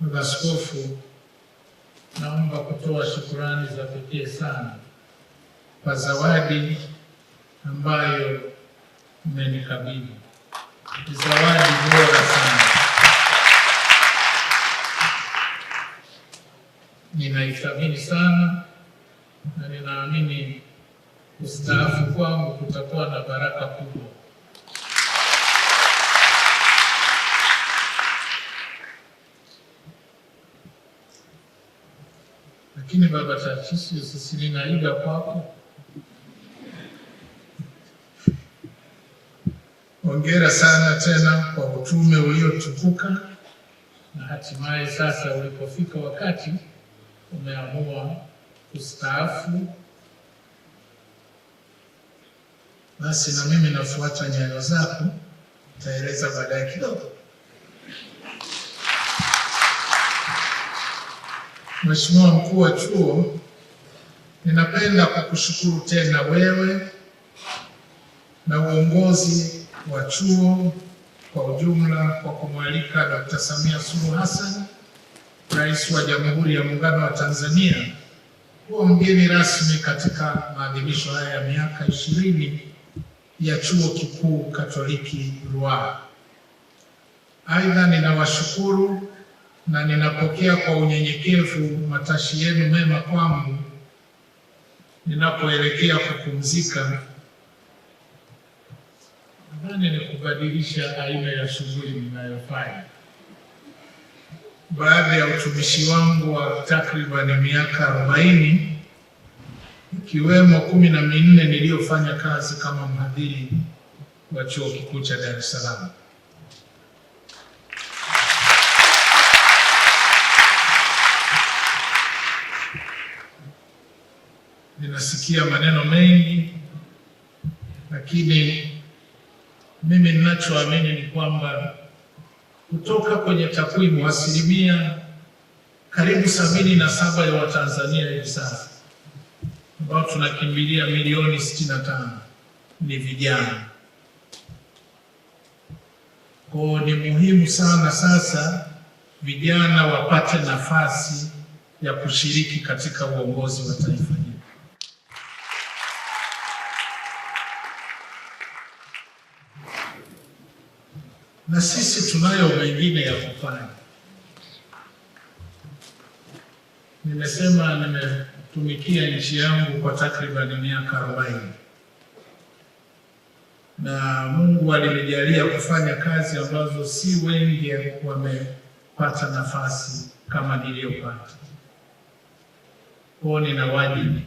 Baba Askofu, naomba kutoa shukurani za pekee sana kwa zawadi ambayo mmenikabidhi. Ni zawadi bora sana, ninaithamini sana na ninaamini kustaafu kwangu kutakuwa na baraka kubwa. Lakini Baba Tatius, sisi ninaiga kwako. Hongera sana tena kwa utume uliotukuka na hatimaye sasa, ulipofika wakati umeamua kustaafu, basi na mimi nafuata nyayo zako, nitaeleza baadaye kidogo. Mheshimiwa mkuu wa chuo, ninapenda kukushukuru tena wewe na uongozi wa chuo kwa ujumla kwa kumwalika Dr. Samia Suluhu Hassan, Rais wa Jamhuri ya Muungano wa Tanzania, kuwa mgeni rasmi katika maadhimisho haya ya miaka ishirini ya Chuo Kikuu Katoliki Ruaha. Aidha, ninawashukuru na ninapokea kwa unyenyekevu matashi yenu mema kwangu ninapoelekea kupumzika. Nadhani ni kubadilisha aina ya shughuli ninayofanya. Baada ya utumishi wangu wa takribani miaka arobaini ikiwemo kumi na minne niliyofanya kazi kama mhadhiri wa chuo kikuu cha Dar es Salaam. nimesikia maneno mengi, lakini mimi ninachoamini ni kwamba kutoka kwenye takwimu asilimia karibu sabini na saba ya Watanzania hivi sasa ambao tunakimbilia milioni sitini na tano ni vijana. Kwa ni muhimu sana sasa vijana wapate nafasi ya kushiriki katika uongozi wa taifa. na sisi tunayo mengine ya kufanya. Nimesema nimetumikia nchi yangu kwa takribani miaka arobaini na Mungu alinijalia kufanya kazi ambazo si wengi wamepata nafasi kama niliyopata. Kwa nina wajibu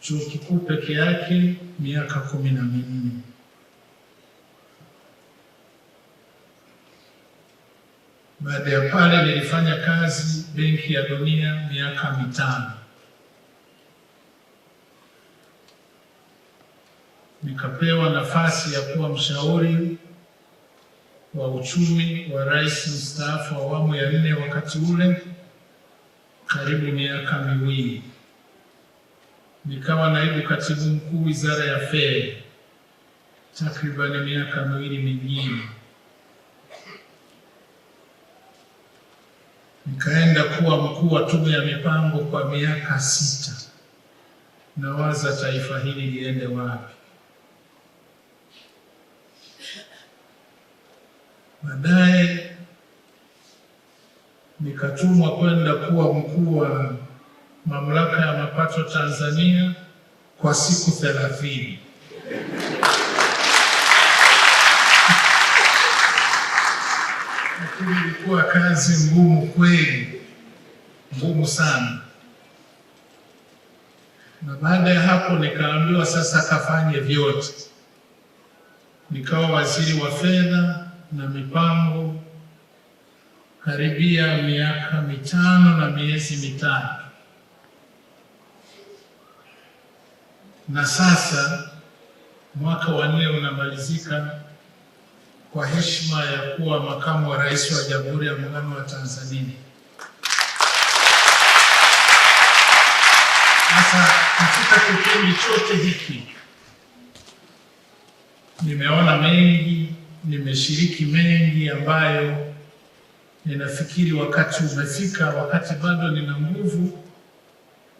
chuo kikuu peke yake miaka kumi na minne Baada ya pale nilifanya kazi Benki ya Dunia miaka mitano, nikapewa nafasi ya kuwa mshauri wa uchumi wa rais mstaafu wa awamu ya nne wakati ule, karibu miaka miwili. Nikawa naibu katibu mkuu wizara ya fedha, takribani miaka miwili mingine. Nikaenda kuwa mkuu wa tume ya mipango kwa miaka sita. Nawaza taifa hili liende wapi? Baadaye nikatumwa kwenda kuwa mkuu wa mamlaka ya mapato Tanzania kwa siku thelathini. kazi ngumu kweli, ngumu sana. Na baada ya hapo nikaambiwa sasa kafanye vyote, nikawa waziri wa fedha na mipango karibia miaka mitano na miezi mitano, na sasa mwaka wa nne unamalizika kwa heshima ya kuwa makamu wa rais wa Jamhuri ya Muungano wa Tanzania. Sasa katika kipindi chote hiki nimeona mengi, nimeshiriki mengi ambayo ninafikiri wakati umefika, wakati bado nina nguvu,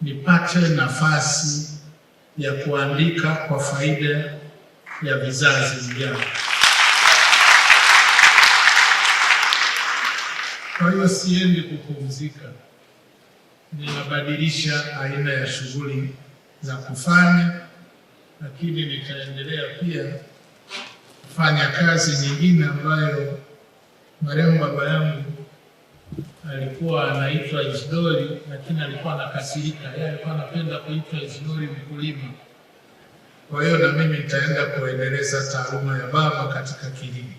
nipate nafasi ya kuandika kwa faida ya vizazi vijavyo. Kwa hiyo siendi kupumzika, ninabadilisha aina ya shughuli za kufanya, lakini nitaendelea pia kufanya kazi nyingine ambayo marehemu baba yangu alikuwa anaitwa Isidori, lakini alikuwa anakasirika. Yeye alikuwa anapenda kuitwa Isidori mkulima. Kwa hiyo na mimi nitaenda kuendeleza taaluma ya baba katika kilimo.